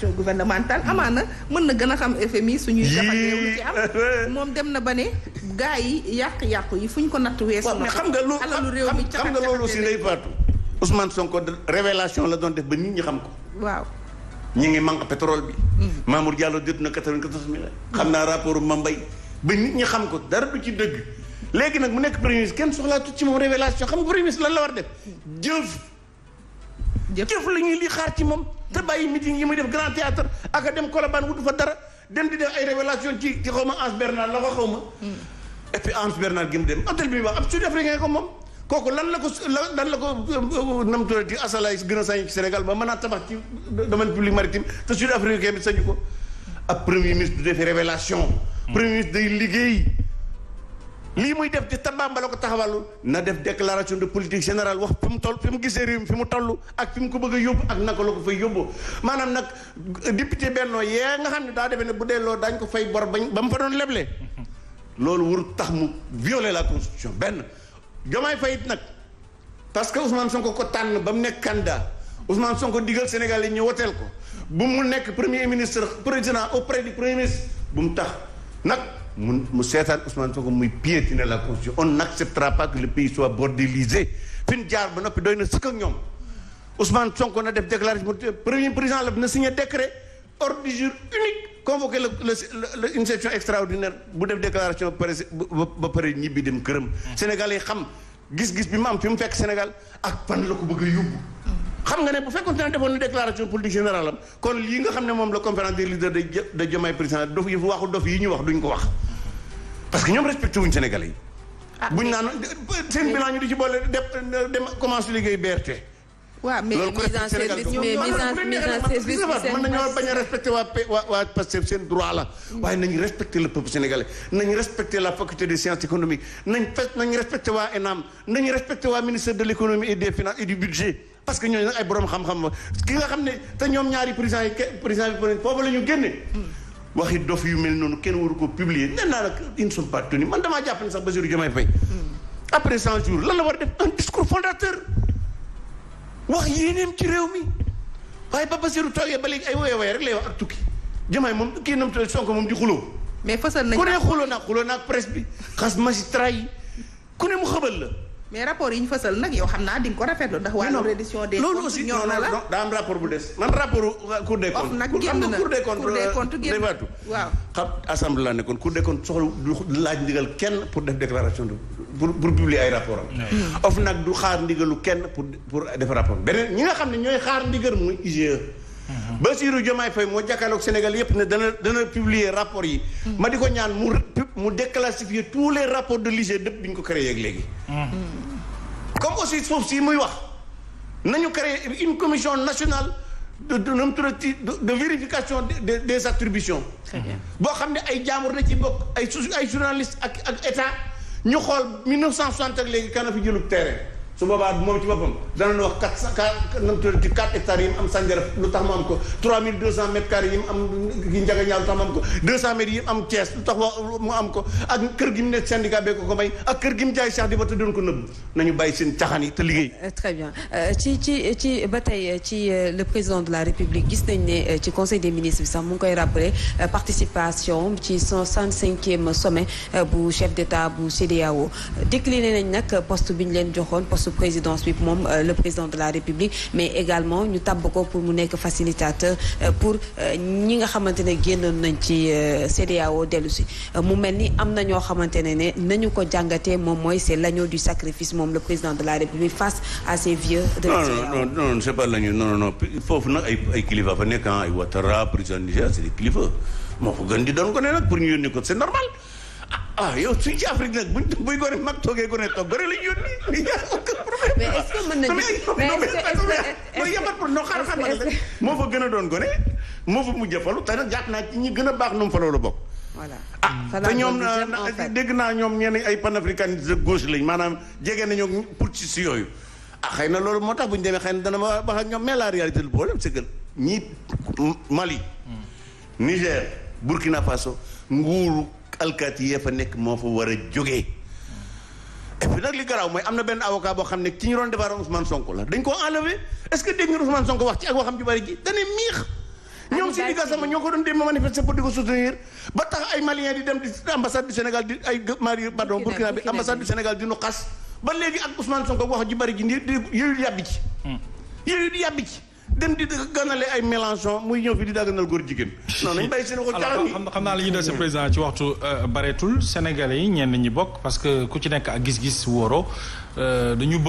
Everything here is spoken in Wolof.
action gouvernementale amaana mën na gën a xam FMI suñuy jaxateewu ci am moom dem na ba ne gaa yi yàq-yàqu yi fu ñu ko natt weesu na xam nga loolu alalu réew mi xam nga loolu aussi day faatu Ousmane Sonko révélation la doon def ba nit ñi xam ko waaw ñu ngi manque pétrole bi mm. Mamour Diallo jot na quatre-vingt-quatorze xam naa rapport ma mbay ba nit ñi xam ko dara du ci dëgg léegi nag mu nekk premier ministre kenn soxlaatu ci moom révélation xam nga premier lan la war def mm. jëf jëf la te bàyyi meeting yi muy def grand théâtre ak dem Colobane wutu fa dara dem di def ay révélation ci ci xaw ma Anse Bernard la ko xaw ma. Hmm. et puis Anse Bernard gi mu dem hôtel bi wax ab sud africain ko moom. kooku lan la ko lan la ko euh, nam tuddati asalaay gën a sañ ci Sénégal ba mën a tabax ci domaine public maritime te sud africain bi sañu ko. ab premier ministre du defee révélation hmm. premier ministre day liggéey. lii muy def di Tambambala ko taxawallu na def déclaration de politique générale wax fi mu toll fi mu gisee réew mi fi mu toll ak fi mu ko bëgg a yóbbu ak naka la ko fay yóbbu maanaam nag député bennoo yee nga xam ne daa defee ne bu delloo daañ ko fay bor bañ ba mu fa doon leble loolu warut tax mu violer la constitution benn jomaay fayit nag parce que Ousmane Sonko ko tànn ba mu nekk candidat Ousmane Sonko digal Sénégal yi ñu woteel ko bu mu nekk premier ministre président auprès du premier ministre bu mu tax nag mu mu seetaan Ousmane Sonko muy piétiner la constitution on n'acceptera jaar ba noppi doy na sëkk ñoom Ousmane Sonko na def déclaration premier président la na signé décret ordre du jour unique convoqué le le une session extraordinaire bu def déclaration ba pare ñibbi dem këram. Sénégal yi xam gis-gis bi mu am fekk Sénégal ak fan la ko a yóbbu. xam nga politique générale kon lii nga xam ne moom la conférence des leaders de de Diomaye président dof yi waxu dof yi ñu wax duñ ko wax. parce que ñoom respecté wuñ Sénégalais yi. Ah, buñ naan seen bilan ñu di ci boole dem dem commencé liggéey BRT. waaw mais mise en service nañoo bañ a respecté waa waa droit la. Mm. waaye nañu respecté le peuple sénégalais nañu respecté la faculté des sciences économiques nañ fekk nañu respecté waa ENAM nañu respecté waa ministère de l' et des finances et du budget. parce que ñooñu nag ay borom xam-xam ki nga xam ne te ñoom ñaari président yi président ñu waxi dof yu mel noonu kenn waru ko publier nee naa la ils ne sont pas tenus man damaa jàpp ne sax Bassirou Diomaye Faye après cent jours lan la war a def un discours fondateur wax yéeneem ci réew mi waaye ba Bassirou toogee ba léegi ay woye woye rek lay wax ak tukki Diomaye moom kii nam tal Sonko moom di xuloo mais fasal nañ ku ne xuloo naa xuloo naa presse bi xas magistrat yi ku ne mu xabal la mais rapport yi ñu fësal nag yow xam naa di nga ko rafetlu ndax. wàllu reddition des comptes ñoo na la daa am rapport bu des. man rapport euh, cour des comptes. nag génn na cour des comptes cour des euh, comptes génn waaw. xam assemblée laa nekkoon cour kenn pour def déclaration de pour pour publier ay rapport am. Mm. of nag du xaar ndigalu kenn pour pour def rapport beneen ñi nga xam ne ñooy xaar ndigal muy IGE. Mm-hmm. Bassirou Diomaye Faye moo jàkkaarloog Sénégal yépp ne dana dana publier rapport yi. Mm-hmm. ma di ko ñaan mu. mu déclassifier tous les rapports de l'IGE dëpp bi ñu ko créé ak léegi. comme aussi foofu si muy wax nañu créé une commission nationale de de de vérification des des attributions. boo xam ne ay jaamur na ci bokk ay ay journaliste ak ak état ñu xool 1960 ak léegi kan a fi jëlub tere su boobaa moom ci boppam danañ wax quatre cent yi mu am Sandiara lu tax mu am ko trois mille yi mu am lu tax mu am ko deux yi am Thiès lu tax mu am ko ak kër gi mu ne syndicat bee ko ko may ak kër gi mu jaay Cheikh di ba te doon ko nëbb nañu bàyyi seen caxaan yi te liggéey euh, très bien euh, ci ci ba tey euh, ci le président de la République gis nañ ne ci conseil des ministres bi sax mu ngi koy rappeler participation ci soixante cinquième sommet bu chef d'état su présidence bi moom euh, le président de la république mais également ñu tab ko pour mu nekk facilitateur euh, pour euh, ñi nga xamante ne génnoon nañ ci CEDEAO dellu si mu mel ni am na ñoo xamante ne ne nañu ko jàngatee moom mooy c'est l'agneau du sacrifice moom le président de la république face à ces vieux de la CEDEAO non non no no l'agneau non non foofu nag ay ay kilifa fa nekk ah, ay Ouattara président Niger c'est kilifa moo ko gën di doon ko ne nag pour ñu yónni ko c'est normal ah, ah yow suñ ci Afrique mën nañu mais xaaral xaaral ma ne moo fa gën a doon gone moo fa mujj falu te nag jàpp naa ci ñi gën a baax nu mu faloo la bokk. voilà ah te ñoom dégg naa ñoom ñenn ay panafricanistes de gauche lañ maanaam jege nañoo pour ci si yooyu. ah xëy na loolu moo tax bu ñu demee xëy na dana ma wax ak ñoom mais la réalité du problème c'est que ñi Mali. Niger Burkina Faso nguuru alkaati yee fa nekk moo fa war a jóge et nag li garaaw mooy am na benn avocat boo xam ne ci ñu doon défendre Ousmane Sonko la dañ koo enlevé est-ce que dégg nga Ousmane Sonko wax ci ak waxam ju bari ji dane miix ñoom si digga sama ñoo ko doon dem manifester pour di soutenir ba tax ay malien di dem ambassade du Sénégal di ay mari pardon Burkina bi ambassade du Sénégal di xas ba léegi ak Ousmane Sonko wax ju bari ji hmm. di yàbbi ci yooyu yàbbi ci dem di ganale ay Mélenchon muy ñëw fi di dagganal góor jigéen. non nañ bàyyi seen ko caaxaan yi xam naa la ñuy def si président ci waxtu euh, bareetul Sénégalais yi ñenn ñi bokk parce que ku ci nekk ak gis-gis wóoro euh, dañu bëgg.